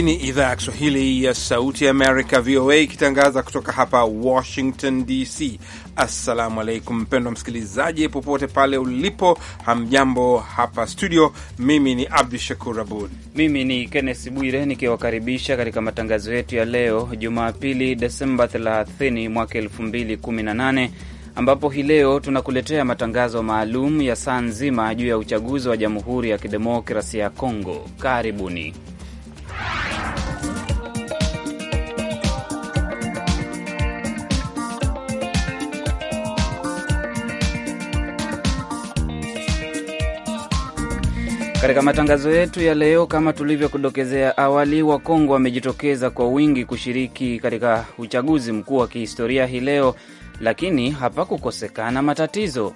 Hii ni idhaa ya Kiswahili ya Sauti Amerika, VOA, ikitangaza kutoka hapa Washington DC. Assalamu alaikum, mpendwa msikilizaji, popote pale ulipo, hamjambo. Hapa studio, mimi ni Abdu Shakur Abud, mimi ni Kennes Bwire nikiwakaribisha katika matangazo yetu ya leo Jumapili, Desemba 30 mwaka 2018 ambapo hii leo tunakuletea matangazo maalum ya saa nzima juu ya uchaguzi wa Jamhuri ya Kidemokrasia ya congo Karibuni. Katika matangazo yetu ya leo, kama tulivyokudokezea awali, Wakongo wamejitokeza kwa wingi kushiriki katika uchaguzi mkuu wa kihistoria hii leo, lakini hapakukosekana matatizo.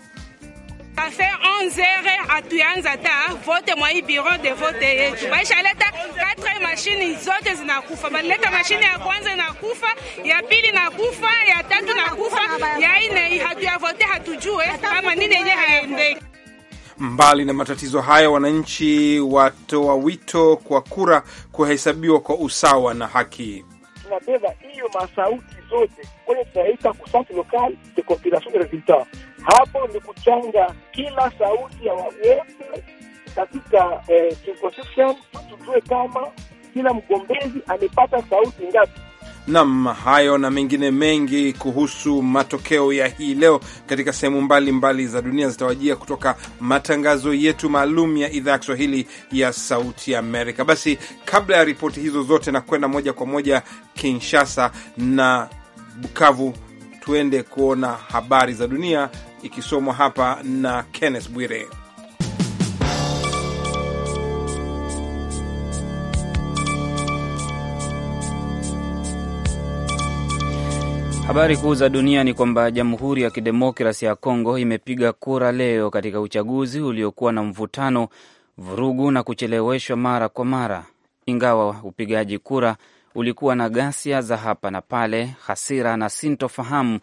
Hatuyanza ta vote mwa hii bureau de vote yetu baisha leta katre mashini zote zinakufa, balileta mashini ya kwanza inakufa, ya pili nakufa, ya tatu nakufa, ya ine hatuyavote, hatujue kama nini yenye haendeki Mbali na matatizo hayo, wananchi watoa wito kwa kura kuhesabiwa kwa usawa na haki. Tunabeba hiyo masauti zote kwenye tunaita kusante lokali de compilation de resulta. Hapo ni kuchanga kila sauti ya wagote katika eh, circonscription, kama kila mgombezi amepata sauti ngapi. Nam, hayo na mengine mengi kuhusu matokeo ya hii leo katika sehemu mbalimbali za dunia zitawajia kutoka matangazo yetu maalum ya idhaa ya Kiswahili ya Sauti Amerika. Basi kabla ya ripoti hizo zote na kwenda moja kwa moja Kinshasa na Bukavu, tuende kuona habari za dunia ikisomwa hapa na Kenneth Bwire. Habari kuu za dunia ni kwamba Jamhuri ya Kidemokrasi ya Kongo imepiga kura leo katika uchaguzi uliokuwa na mvutano, vurugu na kucheleweshwa mara kwa mara, ingawa upigaji kura ulikuwa na ghasia za hapa na pale, hasira na sintofahamu.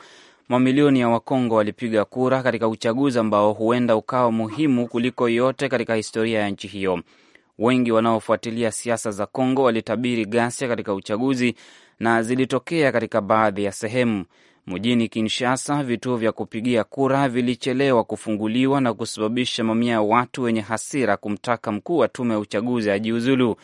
Mamilioni ya Wakongo walipiga kura katika uchaguzi ambao huenda ukawa muhimu kuliko yote katika historia ya nchi hiyo. Wengi wanaofuatilia siasa za Kongo walitabiri ghasia katika uchaguzi na zilitokea katika baadhi ya sehemu. Mjini Kinshasa, vituo vya kupigia kura vilichelewa kufunguliwa na kusababisha mamia ya watu wenye hasira kumtaka mkuu wa tume ya uchaguzi ajiuzulu.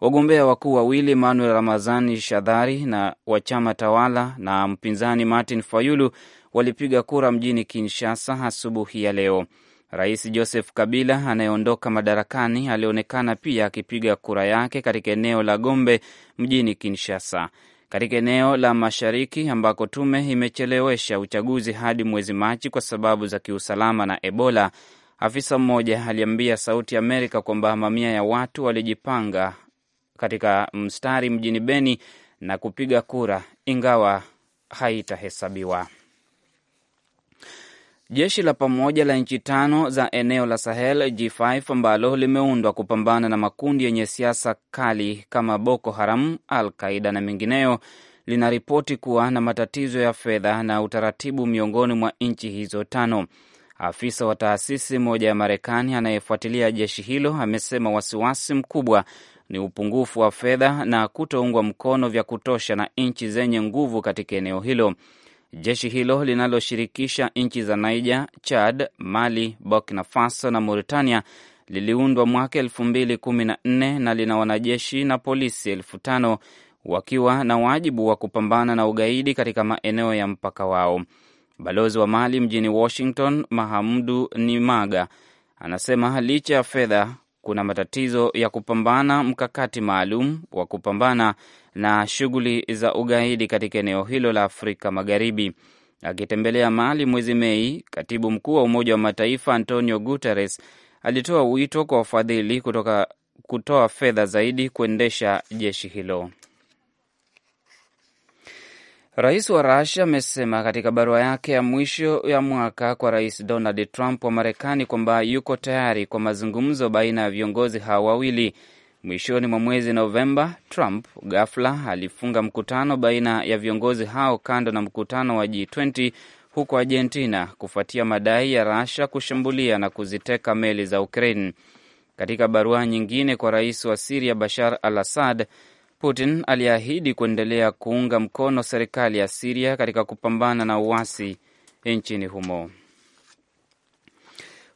Wagombea wakuu wawili Manuel Ramazani Shadhari na wa chama tawala na mpinzani Martin Fayulu walipiga kura mjini Kinshasa asubuhi ya leo. Rais Joseph Kabila anayeondoka madarakani alionekana pia akipiga kura yake katika eneo la Gombe mjini Kinshasa katika eneo la mashariki ambako tume imechelewesha uchaguzi hadi mwezi Machi kwa sababu za kiusalama na Ebola. Afisa mmoja aliambia Sauti Amerika kwamba mamia ya watu walijipanga katika mstari mjini Beni na kupiga kura, ingawa haitahesabiwa. Jeshi la pamoja la nchi tano za eneo la Sahel G5 ambalo limeundwa kupambana na makundi yenye siasa kali kama Boko Haram, Al Qaida na mengineyo linaripoti kuwa na matatizo ya fedha na utaratibu miongoni mwa nchi hizo tano. Afisa wa taasisi moja ya Marekani anayefuatilia jeshi hilo amesema wasiwasi mkubwa ni upungufu wa fedha na kutoungwa mkono vya kutosha na nchi zenye nguvu katika eneo hilo. Jeshi hilo linaloshirikisha nchi za Niger, Chad, Mali, Burkina Faso na Mauritania liliundwa mwaka elfu mbili kumi na nne na lina wanajeshi na polisi elfu tano wakiwa na wajibu wa kupambana na ugaidi katika maeneo ya mpaka wao. Balozi wa Mali mjini Washington, Mahamudu Nimaga, anasema licha ya fedha kuna matatizo ya kupambana mkakati maalum wa kupambana na shughuli za ugaidi katika eneo hilo la Afrika Magharibi. Akitembelea Mali mwezi Mei, katibu mkuu wa Umoja wa Mataifa Antonio Guterres alitoa wito kwa wafadhili kutoka kutoa fedha zaidi kuendesha jeshi hilo. Rais wa Rusia amesema katika barua yake ya mwisho ya mwaka kwa Rais Donald Trump wa Marekani kwamba yuko tayari kwa mazungumzo baina ya viongozi hao wawili. Mwishoni mwa mwezi Novemba, Trump ghafla alifunga mkutano baina ya viongozi hao kando na mkutano wa G20 huko Argentina kufuatia madai ya Rusia kushambulia na kuziteka meli za Ukraine. Katika barua nyingine kwa rais wa Siria Bashar al Assad, Putin aliahidi kuendelea kuunga mkono serikali ya Siria katika kupambana na uasi nchini humo.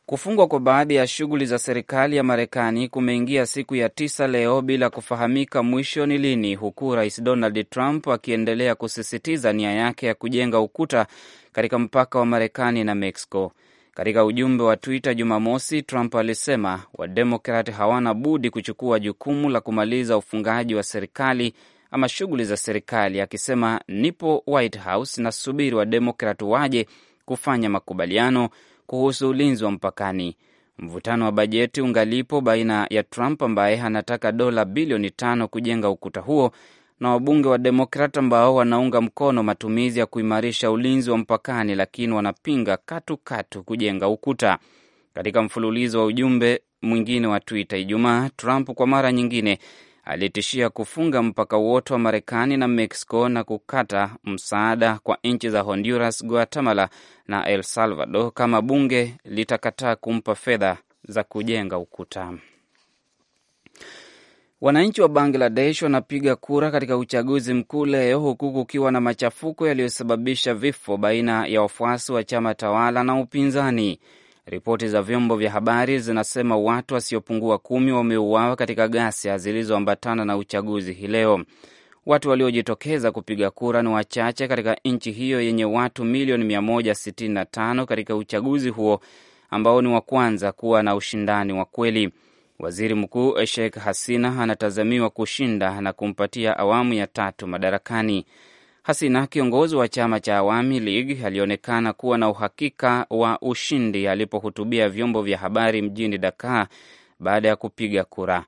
Kufungwa kwa baadhi ya shughuli za serikali ya Marekani kumeingia siku ya tisa leo bila kufahamika mwisho ni lini, huku Rais Donald Trump akiendelea kusisitiza nia yake ya kujenga ukuta katika mpaka wa Marekani na Mexico. Katika ujumbe wa Twitter Jumamosi, Trump alisema Wademokrat hawana budi kuchukua jukumu la kumaliza ufungaji wa serikali ama shughuli za serikali, akisema nipo White House, nasubiri Wademokrat waje kufanya makubaliano kuhusu ulinzi wa mpakani. Mvutano wa bajeti ungalipo baina ya Trump ambaye anataka dola bilioni tano kujenga ukuta huo na wabunge wa Demokrat ambao wanaunga mkono matumizi ya kuimarisha ulinzi wa mpakani, lakini wanapinga katukatu katu kujenga ukuta. Katika mfululizo wa ujumbe mwingine wa Twitter Ijumaa, Trump kwa mara nyingine alitishia kufunga mpaka wote wa Marekani na Mexico na kukata msaada kwa nchi za Honduras, Guatemala na El Salvador kama bunge litakataa kumpa fedha za kujenga ukuta. Wananchi wa Bangladesh wanapiga kura katika uchaguzi mkuu leo huku kukiwa na machafuko yaliyosababisha vifo baina ya wafuasi wa chama tawala na upinzani. Ripoti za vyombo vya habari zinasema watu wasiopungua kumi wameuawa katika ghasia zilizoambatana na uchaguzi hii leo. Watu waliojitokeza kupiga kura ni wachache katika nchi hiyo yenye watu milioni 165 katika uchaguzi huo ambao ni wa kwanza kuwa na ushindani wa kweli. Waziri Mkuu Sheikh Hasina anatazamiwa kushinda na kumpatia awamu ya tatu madarakani. Hasina, kiongozi wa chama cha Awami League, alionekana kuwa na uhakika wa ushindi alipohutubia vyombo vya habari mjini Dakar baada ya kupiga kura.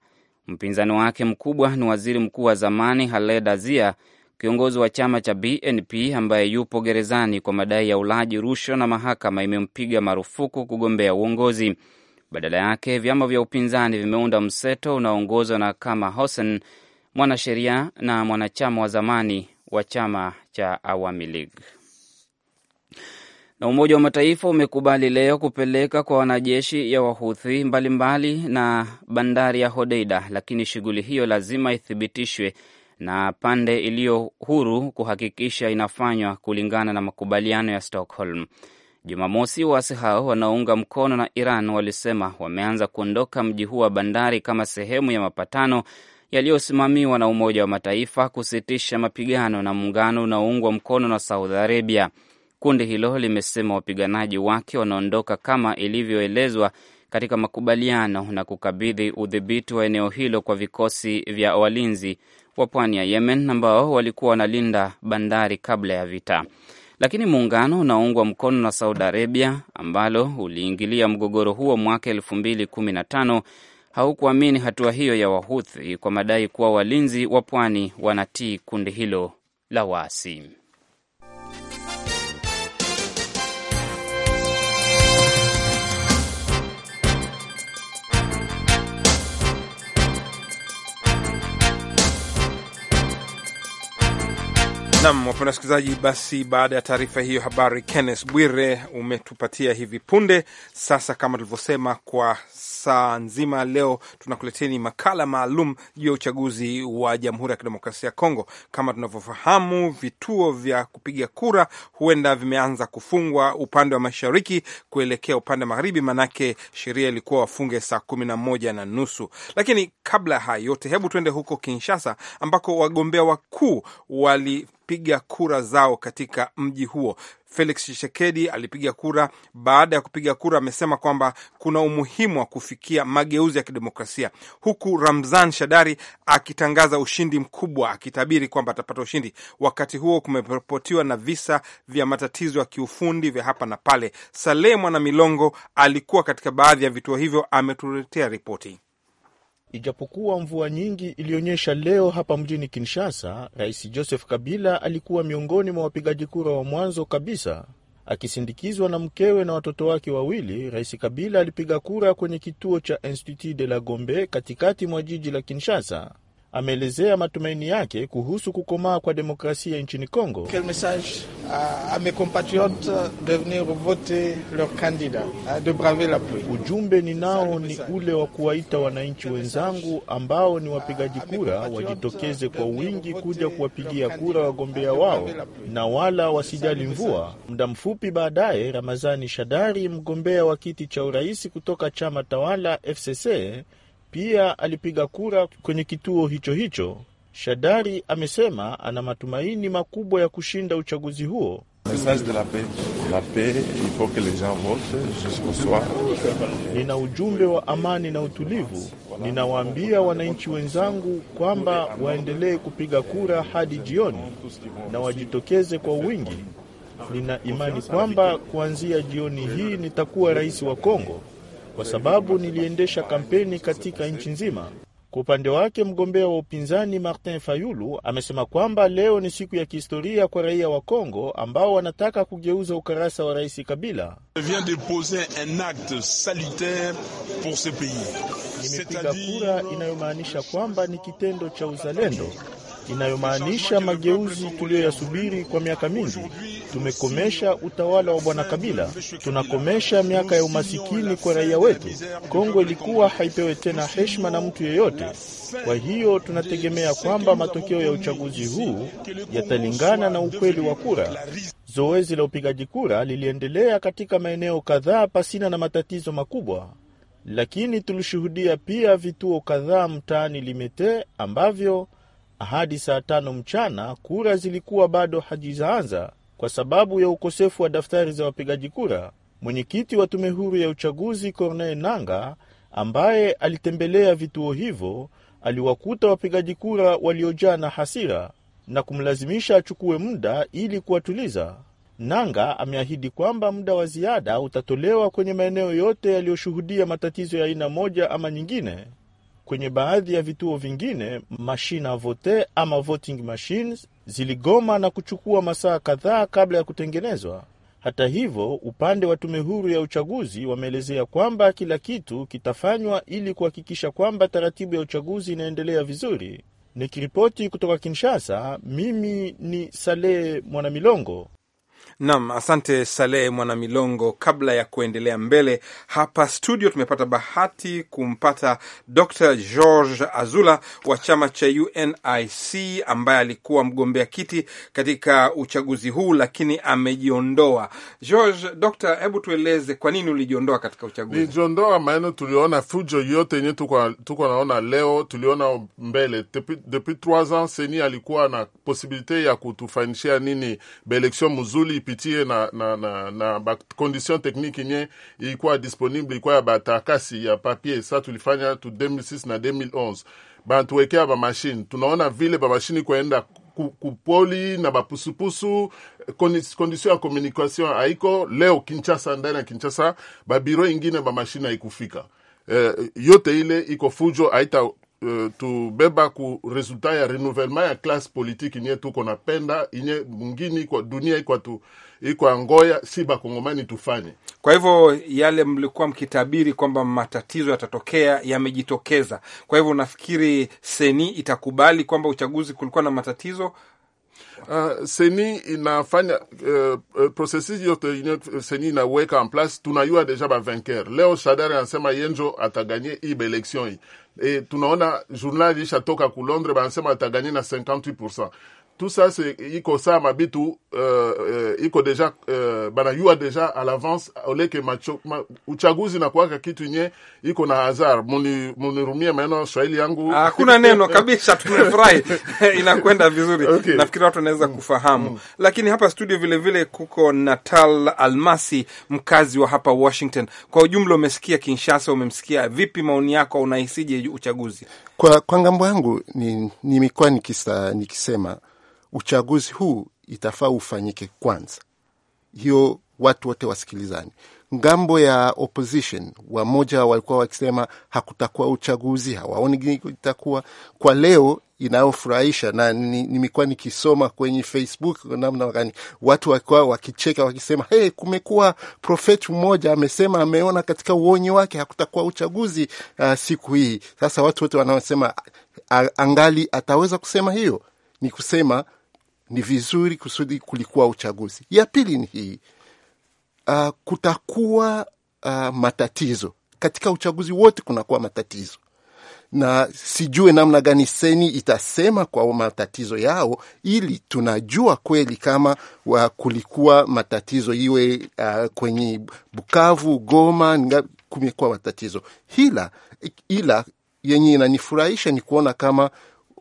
Mpinzani wake mkubwa ni waziri mkuu wa zamani haled Azia, kiongozi wa chama cha BNP ambaye yupo gerezani kwa madai ya ulaji rushwa na mahakama imempiga marufuku kugombea uongozi. Badala yake vyama vya upinzani vimeunda mseto unaoongozwa na Kama hosen mwanasheria na mwanachama wa zamani wa chama cha Awami League. Na Umoja wa Mataifa umekubali leo kupeleka kwa wanajeshi ya Wahuthi mbalimbali mbali na bandari ya Hodeida, lakini shughuli hiyo lazima ithibitishwe na pande iliyo huru kuhakikisha inafanywa kulingana na makubaliano ya Stockholm. Jumamosi, waasi hao wanaounga mkono na Iran walisema wameanza kuondoka mji huu wa bandari kama sehemu ya mapatano yaliyosimamiwa na Umoja wa Mataifa kusitisha mapigano na muungano unaoungwa mkono na Saudi Arabia. Kundi hilo limesema wapiganaji wake wanaondoka kama ilivyoelezwa katika makubaliano na kukabidhi udhibiti wa eneo hilo kwa vikosi vya walinzi wa pwani ya Yemen ambao walikuwa wanalinda bandari kabla ya vita lakini muungano unaungwa mkono na Saudi Arabia ambalo uliingilia mgogoro huo mwaka elfu mbili kumi na tano haukuamini hatua hiyo ya Wahuthi kwa madai kuwa walinzi wa pwani wanatii kundi hilo la waasi. Nam, wapenda wasikilizaji, basi baada ya taarifa hiyo habari, Kenneth Bwire umetupatia hivi punde. Sasa kama tulivyosema, kwa saa nzima leo tunakuleteni makala maalum juu ya uchaguzi wa Jamhuri ya Kidemokrasia ya Kongo. Kama tunavyofahamu, vituo vya kupiga kura huenda vimeanza kufungwa upande wa mashariki kuelekea upande wa magharibi, manake sheria ilikuwa wafunge saa kumi na moja na nusu. Lakini kabla ya hayo yote, hebu tuende huko Kinshasa ambako wagombea wakuu wali kupiga kura zao katika mji huo. Felix Tshisekedi alipiga kura. Baada ya kupiga kura, amesema kwamba kuna umuhimu wa kufikia mageuzi ya kidemokrasia, huku Ramzan Shadari akitangaza ushindi mkubwa, akitabiri kwamba atapata ushindi. Wakati huo kumeripotiwa na visa vya matatizo ya kiufundi vya hapa na pale. Saleh Mwana Milongo alikuwa katika baadhi ya vituo hivyo, ametuletea ripoti. Ijapokuwa mvua nyingi ilionyesha leo hapa mjini Kinshasa, Rais Joseph Kabila alikuwa miongoni mwa wapigaji kura wa mwanzo kabisa. Akisindikizwa na mkewe na watoto wake wawili, Rais Kabila alipiga kura kwenye kituo cha Institut de la Gombe katikati mwa jiji la Kinshasa ameelezea matumaini yake kuhusu kukomaa kwa demokrasia nchini Kongo. Ujumbe ninao ni ule wa kuwaita wananchi wenzangu ambao ni wapigaji kura wajitokeze kwa wingi kuja kuwapigia kura wagombea wao na wala wasijali mvua. Muda mfupi baadaye, Ramazani Shadari, mgombea wa kiti cha urais kutoka chama tawala FCC pia alipiga kura kwenye kituo hicho hicho. Shadari amesema ana matumaini makubwa ya kushinda uchaguzi huo. Nina ujumbe wa amani na utulivu. Ninawaambia wananchi wenzangu kwamba waendelee kupiga kura hadi jioni na wajitokeze kwa wingi. Nina imani kwamba kuanzia jioni hii nitakuwa rais wa Kongo kwa sababu niliendesha kampeni katika nchi nzima. Kwa upande wake mgombea wa upinzani Martin Fayulu amesema kwamba leo ni siku ya kihistoria kwa raia wa Kongo ambao wanataka kugeuza ukarasa wa Rais Kabila. Nimepiga kura inayomaanisha kwamba ni kitendo cha uzalendo inayomaanisha mageuzi tuliyoyasubiri kwa miaka mingi. Tumekomesha utawala wa Bwana Kabila, tunakomesha miaka ya umasikini kwa raia wetu. Kongo ilikuwa haipewe tena heshima na mtu yeyote. Kwa hiyo tunategemea kwamba matokeo ya uchaguzi huu yatalingana na ukweli wa kura. Zoezi la upigaji kura liliendelea katika maeneo kadhaa pasina na matatizo makubwa, lakini tulishuhudia pia vituo kadhaa mtaani Limete ambavyo hadi saa tano mchana kura zilikuwa bado hajizaanza kwa sababu ya ukosefu wa daftari za wapigaji kura. Mwenyekiti wa tume huru ya uchaguzi Corneille Nanga, ambaye alitembelea vituo hivyo, aliwakuta wapigaji kura waliojaa na hasira na kumlazimisha achukue muda ili kuwatuliza. Nanga ameahidi kwamba muda wa ziada utatolewa kwenye maeneo yote yaliyoshuhudia matatizo ya aina moja ama nyingine. Kwenye baadhi ya vituo vingine mashine vote ama voting machines ziligoma na kuchukua masaa kadhaa kabla ya kutengenezwa. Hata hivyo, upande wa tume huru ya uchaguzi wameelezea kwamba kila kitu kitafanywa ili kuhakikisha kwamba taratibu ya uchaguzi inaendelea vizuri. Nikiripoti kutoka Kinshasa, mimi ni Saleh Mwanamilongo. Nam, asante Mwana Mwanamilongo. Kabla ya kuendelea mbele, hapa studio tumepata bahati kumpata Dr George Azula wa chama cha UNIC ambaye alikuwa mgombea kiti katika uchaguzi huu, lakini amejiondoa. George, Dr, hebu tueleze kwa nini ulijiondoa katika uchaguzi? Nilijiondoa maana tuliona fujo yote yenye tuko naona leo, tuliona mbele depuis trois ans seni alikuwa na posibilite ya kutufanishia nini beleksio mzuri ipitie na na, na, na bakondition tekniki nye ilikuwa disponible ilikuwa ya batakasi ya papier Sa tulifanya tu 2006 na 2011 bantuwekea bamashini, tunaona vile bamashini kwaenda kupoli na bapusupusu kondisio ya communication haiko leo kinshasa Ndani ya kinshasa babiro ingine bamashini haikufika. Eh, yote ile iko fujo haita Euh, tubeba ku resultat ya renouvellement ya classe politique inye tuko napenda inye mungini kwa dunia iko tu iko angoya si bakongomani tufanye. Kwa hivyo yale mlikuwa mkitabiri kwamba matatizo yatatokea yamejitokeza. Kwa hivyo unafikiri seni itakubali kwamba uchaguzi kulikuwa na matatizo Uh, seni inafanya uh, uh prosesi yote seni inaweka en place, tunayua deja ba vainqueur leo. Shadari anasema yenjo ataganye ibe election hii e, tunaona journal ilishatoka ku Londres, banasema ataganye na 58% tout ça c'est iko sama bitu euh, uh, iko deja uh, banayua déjà à l'avance oleke macho, ma, uchaguzi kuaka kitu nye iko na hazar rumia maneno swahili yangu ah, hakuna neno kabisa tumefurahi inakwenda vizuri okay. nafikiri watu wanaweza mm. kufahamu mm. lakini hapa studio vilevile vile kuko Natal Almasi mkazi wa hapa Washington kwa ujumla umesikia Kinshasa umemsikia vipi maoni yako unahisije uchaguzi kwa, kwa ngambo yangu nimekuwa ni nikisema uchaguzi huu itafaa ufanyike kwanza. Hiyo watu wote wasikilizani. Ngambo ya opposition wamoja walikuwa wakisema hakutakuwa uchaguzi, hawaoni itakuwa kwa leo inayofurahisha na nimekuwa ni nikisoma kwenye Facebook namna gani watu wakiwa wakicheka wakisema, hey, kumekuwa profet mmoja amesema ameona katika uonyi wake hakutakuwa uchaguzi uh, siku hii. Sasa watu wote wanaosema angali ataweza kusema hiyo, ni kusema ni vizuri kusudi kulikuwa uchaguzi. Ya pili ni hii uh, kutakuwa uh, matatizo katika uchaguzi wote, kunakuwa matatizo na sijue namna gani seni itasema kwa matatizo yao, ili tunajua kweli kama wa kulikuwa matatizo iwe uh, kwenye Bukavu, Goma, kumekuwa matatizo hila, ila yenye inanifurahisha ni kuona kama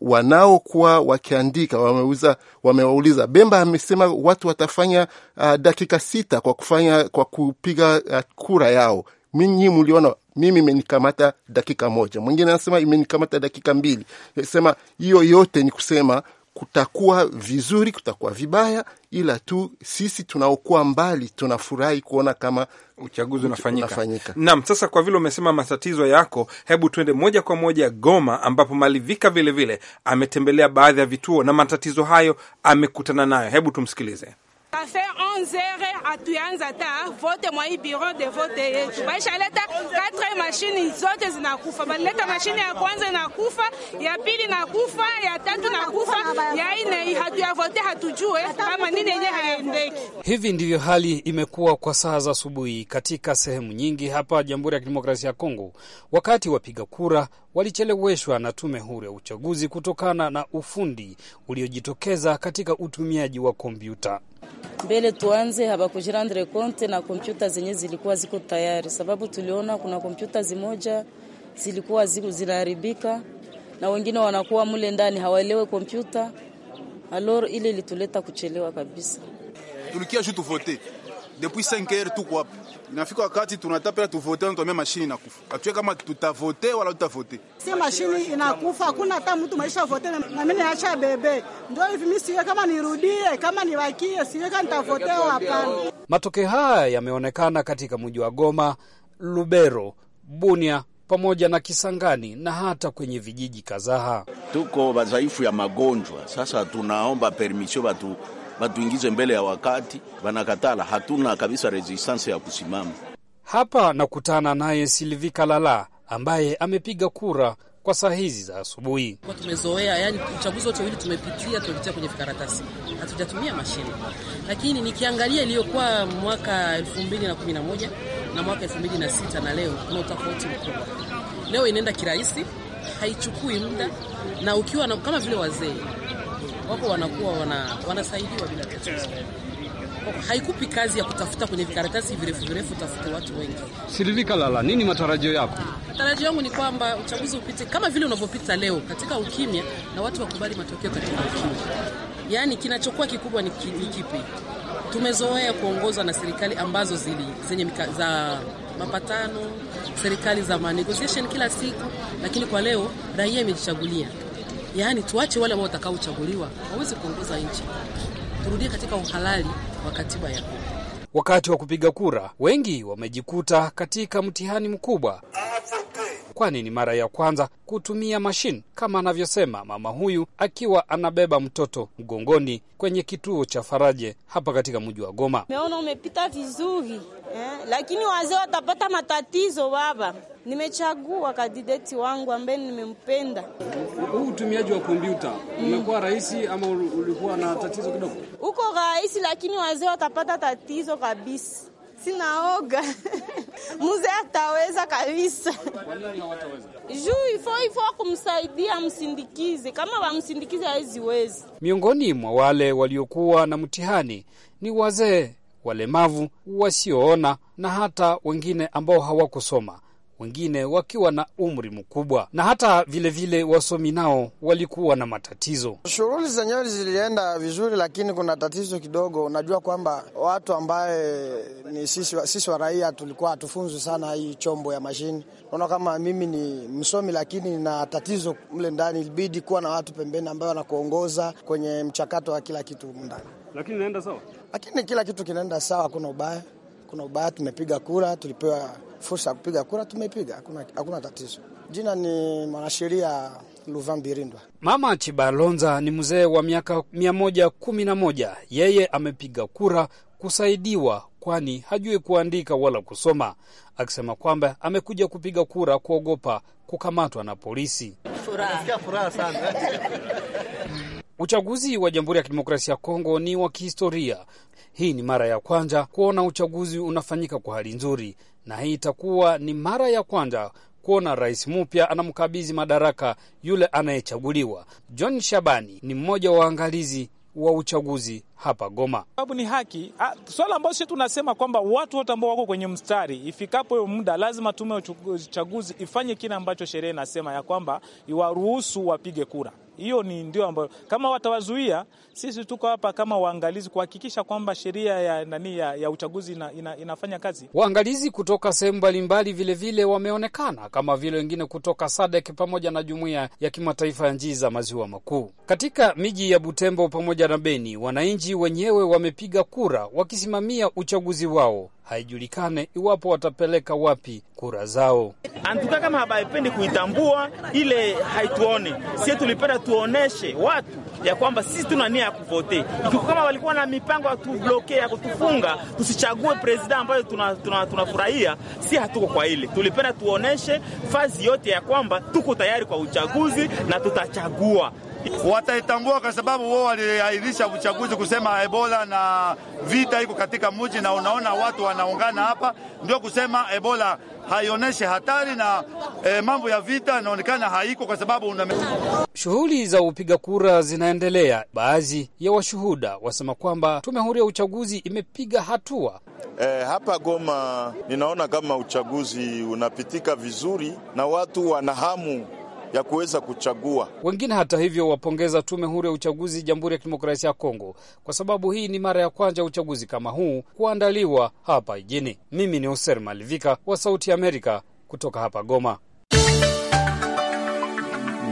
wanaokuwa wakiandika wameuza, wamewauliza. Bemba amesema watu watafanya uh, dakika sita kwa kufanya kwa kupiga uh, kura yao. Minyi mliona mimi imenikamata dakika moja, mwingine anasema imenikamata dakika mbili. Sema hiyo yote ni kusema kutakuwa vizuri, kutakuwa vibaya, ila tu sisi tunaokuwa mbali tunafurahi kuona kama uchaguzi unafanyika. Naam, sasa kwa vile umesema matatizo yako, hebu tuende moja kwa moja Goma, ambapo Malivika vilevile vile ametembelea baadhi ya vituo na matatizo hayo amekutana nayo. Hebu tumsikilize kase 11h hatuanza ta vote mwa hii de vote yetu. leta 4 mashini zote zinakufa, balileta mashini ya kwanza inakufa, ya pili nakufa, ya tatu nakufa, ya ine hatuyavote, hatujue kama nini yenye haendeki Hivi ndivyo hali imekuwa kwa saa za asubuhi katika sehemu nyingi hapa Jamhuri ya Kidemokrasia ya Kongo, wakati wapiga kura walicheleweshwa na tume huru ya uchaguzi kutokana na ufundi uliojitokeza katika utumiaji wa kompyuta. Mbele tuanze habakujirandre konte na kompyuta zenye zilikuwa ziko tayari, sababu tuliona kuna kompyuta zimoja zilikuwa ziku zinaharibika na wengine wanakuwa mule ndani hawaelewe kompyuta alor, ile ilituleta kuchelewa kabisa. Tulikia depuis 5 heures tuko hapa. Inafika wakati tunatapela tuvote, natuambia mashini inakufa. Hatujue kama tutavote wala tutavote, si mashini inakufa, hakuna hata mtu maisha vote. Na mimi naacha bebe, ndio hivi mimi siwe kama nirudie kama nibakie, siwe kama nitavotewa, hapana. Matokeo haya yameonekana katika mji wa Goma, Lubero, Bunia pamoja na Kisangani na hata kwenye vijiji kadhaa. Tuko wadhaifu ya magonjwa, sasa tunaomba permission watu batuingize mbele ya wakati, wanakatala. Hatuna kabisa resistance ya kusimama hapa. Nakutana naye Silvi Kalala ambaye amepiga kura kwa saa hizi za asubuhi. Kwa tumezoea, yani uchaguzi wote wili tumepitia, tumepitia kwenye vikaratasi, hatujatumia mashine. Lakini nikiangalia iliyokuwa mwaka mbili na mwaka 2006 na leo, kuna utofauti mkubwa. Leo inaenda kirahisi, haichukui muda na ukiwa na, kama vile wazee wako wanakuwa wana, wanasaidiwa bila tatizo. Haikupi kazi ya kutafuta kwenye vikaratasi virefu virefu, tafuta watu wengi. Silivika Lala, nini matarajio yako? Matarajio yangu ni kwamba uchaguzi upite kama vile unavyopita leo katika ukimya, na watu wakubali matokeo katika ukimya. Yaani kinachokuwa kikubwa ni kipi? Tumezoea kuongozwa na serikali ambazo zili zenye mika, za mapatano, serikali za negotiation kila siku, lakini kwa leo raia imejichagulia Yaani tuache wale ambao watakaochaguliwa waweze kuongoza nchi, turudie katika uhalali wa katiba ya Wakati wa kupiga kura wengi wamejikuta katika mtihani mkubwa kwani ni mara ya kwanza kutumia mashine kama anavyosema mama huyu akiwa anabeba mtoto mgongoni kwenye kituo cha Faraje hapa katika mji wa Goma. Meona umepita vizuri eh, lakini wazee watapata matatizo. Baba, nimechagua kadideti wangu ambaye nimempenda. Huu utumiaji wa kompyuta umekuwa rahisi ama ulikuwa na tatizo kidogo? Uko rahisi, lakini wazee watapata tatizo kabisa sinaoga mzee ataweza kabisa juu ifo ifo kumsaidia msindikize, kama wamsindikize wezi Miongoni mwa wale waliokuwa na mtihani ni wazee, walemavu, wasioona na hata wengine ambao hawakusoma wengine wakiwa na umri mkubwa, na hata vilevile wasomi nao walikuwa na matatizo. Shughuli zenyewe zilienda vizuri, lakini kuna tatizo kidogo. Unajua kwamba watu ambaye ni sisi, sisi wa raia tulikuwa hatufunzwi sana hii chombo ya mashini. Naona kama mimi ni msomi, lakini na tatizo mle ndani, ilibidi kuwa na watu pembeni ambayo wanakuongoza kwenye mchakato wa kila kitu ndani, lakini inaenda sawa, lakini kila kitu kinaenda sawa, kuna ubaya, kuna ubaya. Tumepiga kura, tulipewa fursa ya kupiga kura tumepiga, hakuna, hakuna tatizo. Jina ni mwanasheria Luvan Birindwa. Mama Chibalonza ni mzee wa miaka mia moja kumi na moja. Yeye amepiga kura kusaidiwa, kwani hajui kuandika wala kusoma, akisema kwamba amekuja kupiga kura kuogopa kukamatwa na polisi. Furaha, furaha sana. Uchaguzi wa Jamhuri ya Kidemokrasia ya Kongo ni wa kihistoria. Hii ni mara ya kwanza kuona uchaguzi unafanyika kwa hali nzuri, na hii itakuwa ni mara ya kwanza kuona rais mpya anamkabidhi madaraka yule anayechaguliwa. John Shabani ni mmoja wa waangalizi wa uchaguzi hapa Goma. Sababu ni haki ah, swala ambayo sisi tunasema kwamba watu wote ambao wako kwenye mstari, ifikapo hiyo muda, lazima tume uchaguzi ifanye kile ambacho sheria inasema ya kwamba iwaruhusu wapige kura hiyo ni ndio ambayo kama watawazuia, sisi tuko hapa kama waangalizi kuhakikisha kwamba sheria ya nani ya, ya uchaguzi ina, ina, inafanya kazi. Waangalizi kutoka sehemu mbalimbali vilevile wameonekana kama vile wengine kutoka SADC pamoja na jumuiya ya kimataifa ya njii za maziwa makuu katika miji ya Butembo pamoja na Beni. Wananchi wenyewe wamepiga kura wakisimamia uchaguzi wao. Haijulikane iwapo watapeleka wapi kura zao. Antuka kama habapendi kuitambua ile haituone sie tulipenda watuoneshe watu ya kwamba sisi tuna nia ya kuvote. Ikiwa kama walikuwa na mipango ya kutublokea ya kutufunga tusichague president ambayo tunafurahia, tuna, tuna si hatuko kwa ile. Tulipenda tuoneshe fazi yote ya kwamba tuko tayari kwa uchaguzi na tutachagua wataitambua kwa sababu wao waliahirisha uchaguzi kusema Ebola na vita iko katika mji, na unaona watu wanaungana hapa, ndio kusema Ebola haionyeshi hatari na e, mambo ya vita inaonekana haiko kwa sababu una Shughuli za upiga kura zinaendelea. Baadhi ya washuhuda wasema kwamba tume huru ya uchaguzi imepiga hatua. E, hapa Goma ninaona kama uchaguzi unapitika vizuri na watu wana hamu ya kuweza kuchagua. Wengine hata hivyo wapongeza tume huru ya uchaguzi Jamhuri ya Kidemokrasia ya Kongo kwa sababu hii ni mara ya kwanza uchaguzi kama huu kuandaliwa hapa jijini. Mimi ni Hoser Malivika wa Sauti ya Amerika kutoka hapa Goma.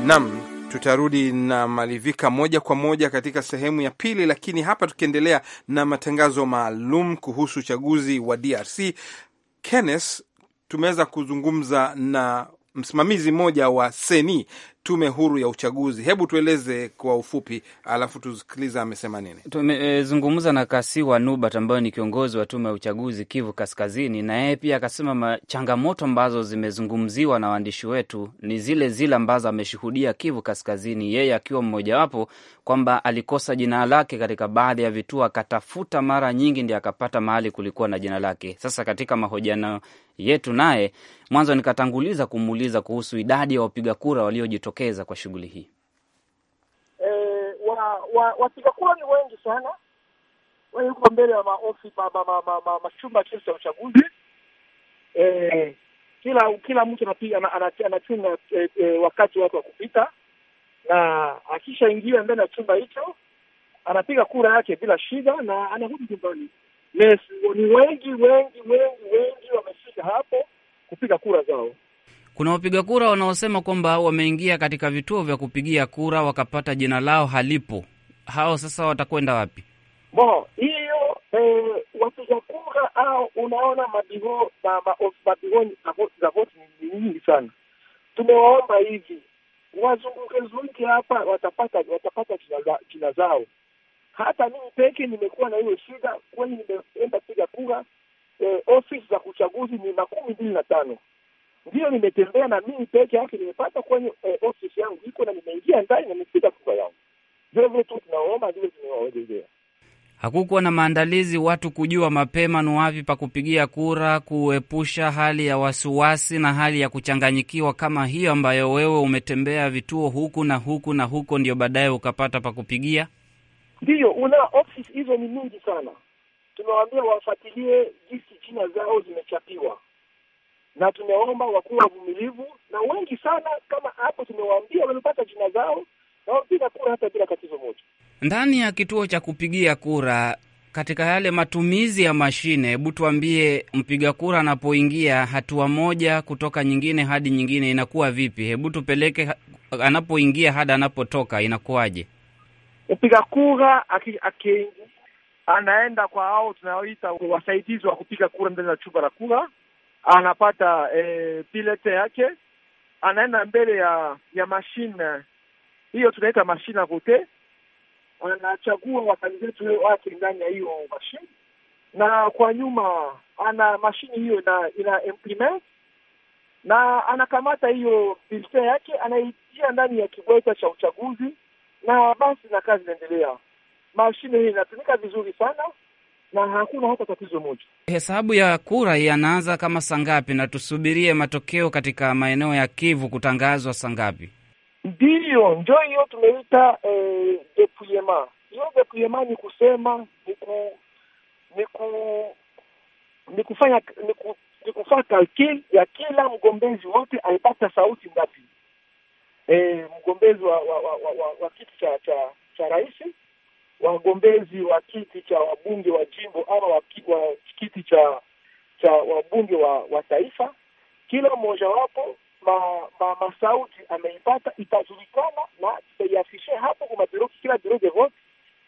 Nam tutarudi na Malivika moja kwa moja katika sehemu ya pili, lakini hapa tukiendelea na matangazo maalum kuhusu uchaguzi wa DRC. Kenneth, tumeweza kuzungumza na msimamizi mmoja wa seni tume huru ya uchaguzi. Hebu tueleze kwa ufupi, alafu tusikiliza amesema nini. Tumezungumza e, na Kasiwa Nubat ambayo ni kiongozi wa tume ya uchaguzi Kivu Kaskazini, na yeye pia akasema changamoto ambazo zimezungumziwa na waandishi wetu ni zile zile ambazo ameshuhudia Kivu Kaskazini, yeye akiwa mmojawapo, kwamba alikosa jina lake katika baadhi ya vituo, akatafuta mara nyingi ndio akapata mahali kulikuwa na jina lake. Sasa katika mahojiano yetu naye mwanzo nikatanguliza kumuuliza kuhusu idadi ya wapiga kura waliojitokeza kwa shughuli hii. E, wa, wa, kura ni wengi sana, wako mbele ya maofi ma, ma, ma, ma, ma, machumba cha uchaguzi e, kila kila mtu anachunga e, e, wakati wake wa kupita, na akishaingia ndani ya chumba hicho anapiga kura yake bila shida na anarudi nyumbani. Nesi, ni wengi wengi wengi wengi wamefika hapo kupiga kura zao. Kuna wapiga kura wanaosema kwamba wameingia katika vituo vya kupigia kura wakapata jina lao halipo. Hao sasa watakwenda wapi? Bo, hiyo eh, wapiga kura au unaona madiho na madigo za voti ni nyingi sana. Tumewaomba hivi wazunguke zunguke hapa, watapata watapata jina zao. Hata mimi peke nimekuwa na hiyo shida kwani nimeenda kupiga kura eh, ofisi za uchaguzi ni makumi mbili na tano ndiyo nimetembea na mimi peke yake nimepata kwenye eh, ofisi yangu iko na nimeingia ndani na nimepiga kura yangu. Vile vile tu tunaomba vile tumewawezezea hakukuwa na maandalizi, watu kujua mapema ni wapi pa kupigia kura, kuepusha hali ya wasiwasi na hali ya kuchanganyikiwa kama hiyo ambayo wewe umetembea vituo huku na huku na huko, ndio baadaye ukapata pa kupigia. Ndiyo, una ofisi hizo ni mingi sana. Tumewaambia wafuatilie jinsi jina zao zimechapiwa, na tumeomba wakuwa wavumilivu, na wengi sana kama hapo tumewaambia wamepata jina zao na wapiga kura hata bila tatizo moja ndani ya kituo cha kupigia kura. Katika yale matumizi ya mashine, hebu tuambie, mpiga kura anapoingia hatua moja kutoka nyingine hadi nyingine inakuwa vipi? Hebu tupeleke anapoingia hadi anapotoka inakuwaje? Mpiga kura aki, anaenda kwa hao tunaoita wasaidizi wa kupiga kura ndani ya chumba la kura, anapata eh, bilete yake, anaenda mbele ya ya mashine hiyo tunaita mashine vote, anachagua wakandidati wake ndani ya hiyo mashine, na kwa nyuma ana mashine hiyo ina, ina implement na anakamata hiyo bilete yake anaitia ndani ya kibweta cha uchaguzi na basi, na kazi inaendelea. Mashine hii inatumika vizuri sana na hakuna hata tatizo moja. Hesabu ya kura yanaanza kama saa ngapi, na tusubirie matokeo katika maeneo ya Kivu kutangazwa saa ngapi? Ndiyo, njo hiyo tumeita eh, depuyema. Hiyo depuyema ni kusema ni ku, ni ku, ni kufanya ni, ku, ni kufanya kalkili ya kila mgombezi wote alipata sauti ngapi e, mgombezi wa, wa, wa, wa, wa, wa kiti cha cha, cha rais, wagombezi wa kiti cha wabunge wa jimbo ama wa kiti cha cha wabunge wa, wa taifa. Kila mmojawapo ma, ma, masauti ameipata itajulikana na itaiafishe hapo kwa mabiro, kila biro de vote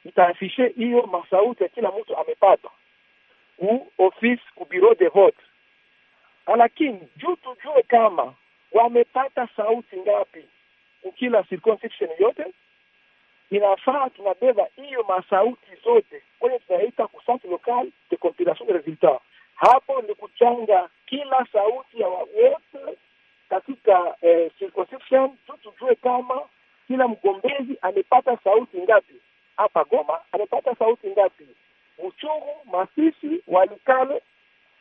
itaafishe hiyo masauti ya kila mtu amepata ku office ku biro de vote, lakini juu tujue kama wamepata sauti ngapi kila circumcision yote inafaa tunabeba hiyo masauti zote kwenye tunaita kusante local de compilation de resultat. Hapo ni kuchanga kila sauti ya wote katika eh, circumcision tu tujue kama kila mgombezi amepata sauti ngapi hapa Goma, amepata sauti ngapi Uchungu, Masisi, Walikale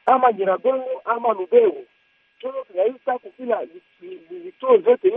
ama Nyiragongo ama Lubero. Tuo tunaita kukila vituo zote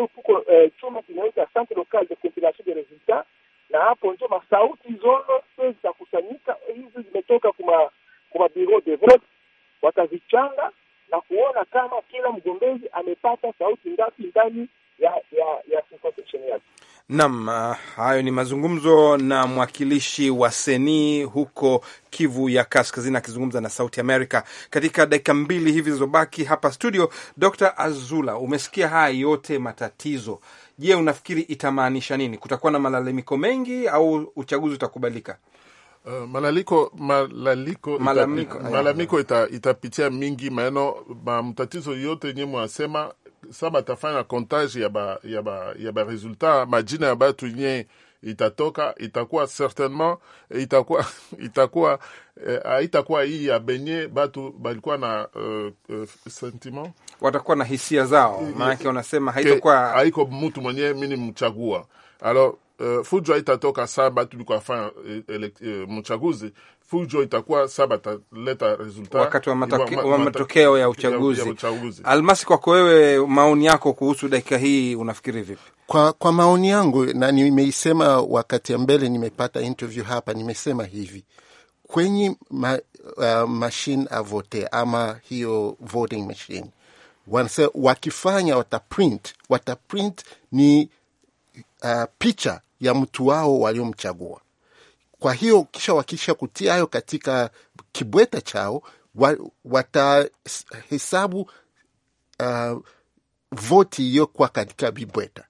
Nam, ah, hayo ni mazungumzo na mwakilishi wa seni huko Kivu ya Kaskazini, akizungumza na Sauti Amerika katika dakika mbili hivi zilizobaki hapa studio. Dr Azula, umesikia haya yote matatizo. Je, unafikiri itamaanisha nini? Kutakuwa na malalamiko mengi au uchaguzi utakubalika? Uh, malaliko malaliko malalamiko ita, itapitia mingi maeno mtatizo yote nye mwasema sa batafanya kontage ya ba, ya ba, ya ba resultat majina ya batu nye itatoka itakuwa certainement itakuwa itakuwa eh, haitakuwa eh, hii ya benye batu balikuwa na uh, uh, sentiment watakuwa na hisia zao, maanake wanasema haiko mtu mwenyewe mini mchagua alors uh, eh, fujo itatoka saba tulikuwa fanya eh, eh, mchaguzi fujo itakuwa saba ataleta resulta wakati wa, wa matokeo ya uchaguzi. ya uchaguzi. Almasi, kwako wewe, maoni yako kuhusu dakika hii unafikiri vipi? Kwa, kwa maoni yangu na nimeisema wakati ya mbele, nimepata interview hapa, nimesema hivi kwenye ma, uh, machine a vote ama hiyo voting machine wanasema wakifanya wataprint, wataprint ni uh, picha ya mtu wao waliomchagua. Kwa hiyo kisha wakisha kutia hayo katika kibweta chao, watahesabu uh, voti iliyokuwa katika vibweta.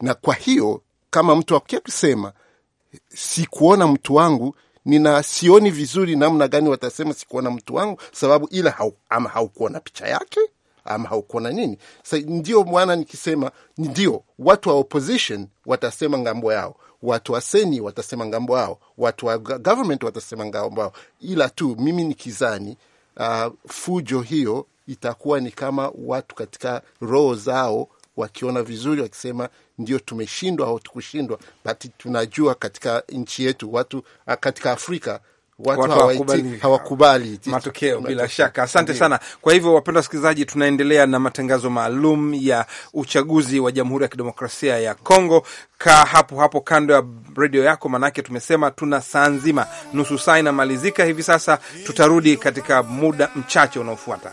Na kwa hiyo kama mtu akukia kusema sikuona mtu wangu, nina sioni vizuri namna gani, watasema sikuona mtu wangu sababu ila hau, ama haukuona picha yake ama haukuona nini? Sa ndio mwana nikisema ndio, watu wa opposition watasema ngambo yao, watu wa seni watasema ngambo yao, watu wa government watasema ngambo yao, ila tu mimi nikizani uh, fujo hiyo itakuwa ni kama watu katika roho zao wakiona vizuri, wakisema ndio tumeshindwa au tukushindwa, bat tunajua katika nchi yetu watu ah, katika Afrika watu, hawakubali, hawakubali matokeo bila shaka. Asante Ndiyo. sana. Kwa hivyo, wapenda wasikilizaji, tunaendelea na matangazo maalum ya uchaguzi wa Jamhuri ya Kidemokrasia ya Kongo. Kaa hapo hapo kando ya redio yako, maanake tumesema tuna saa nzima, nusu saa inamalizika hivi sasa. Tutarudi katika muda mchache unaofuata.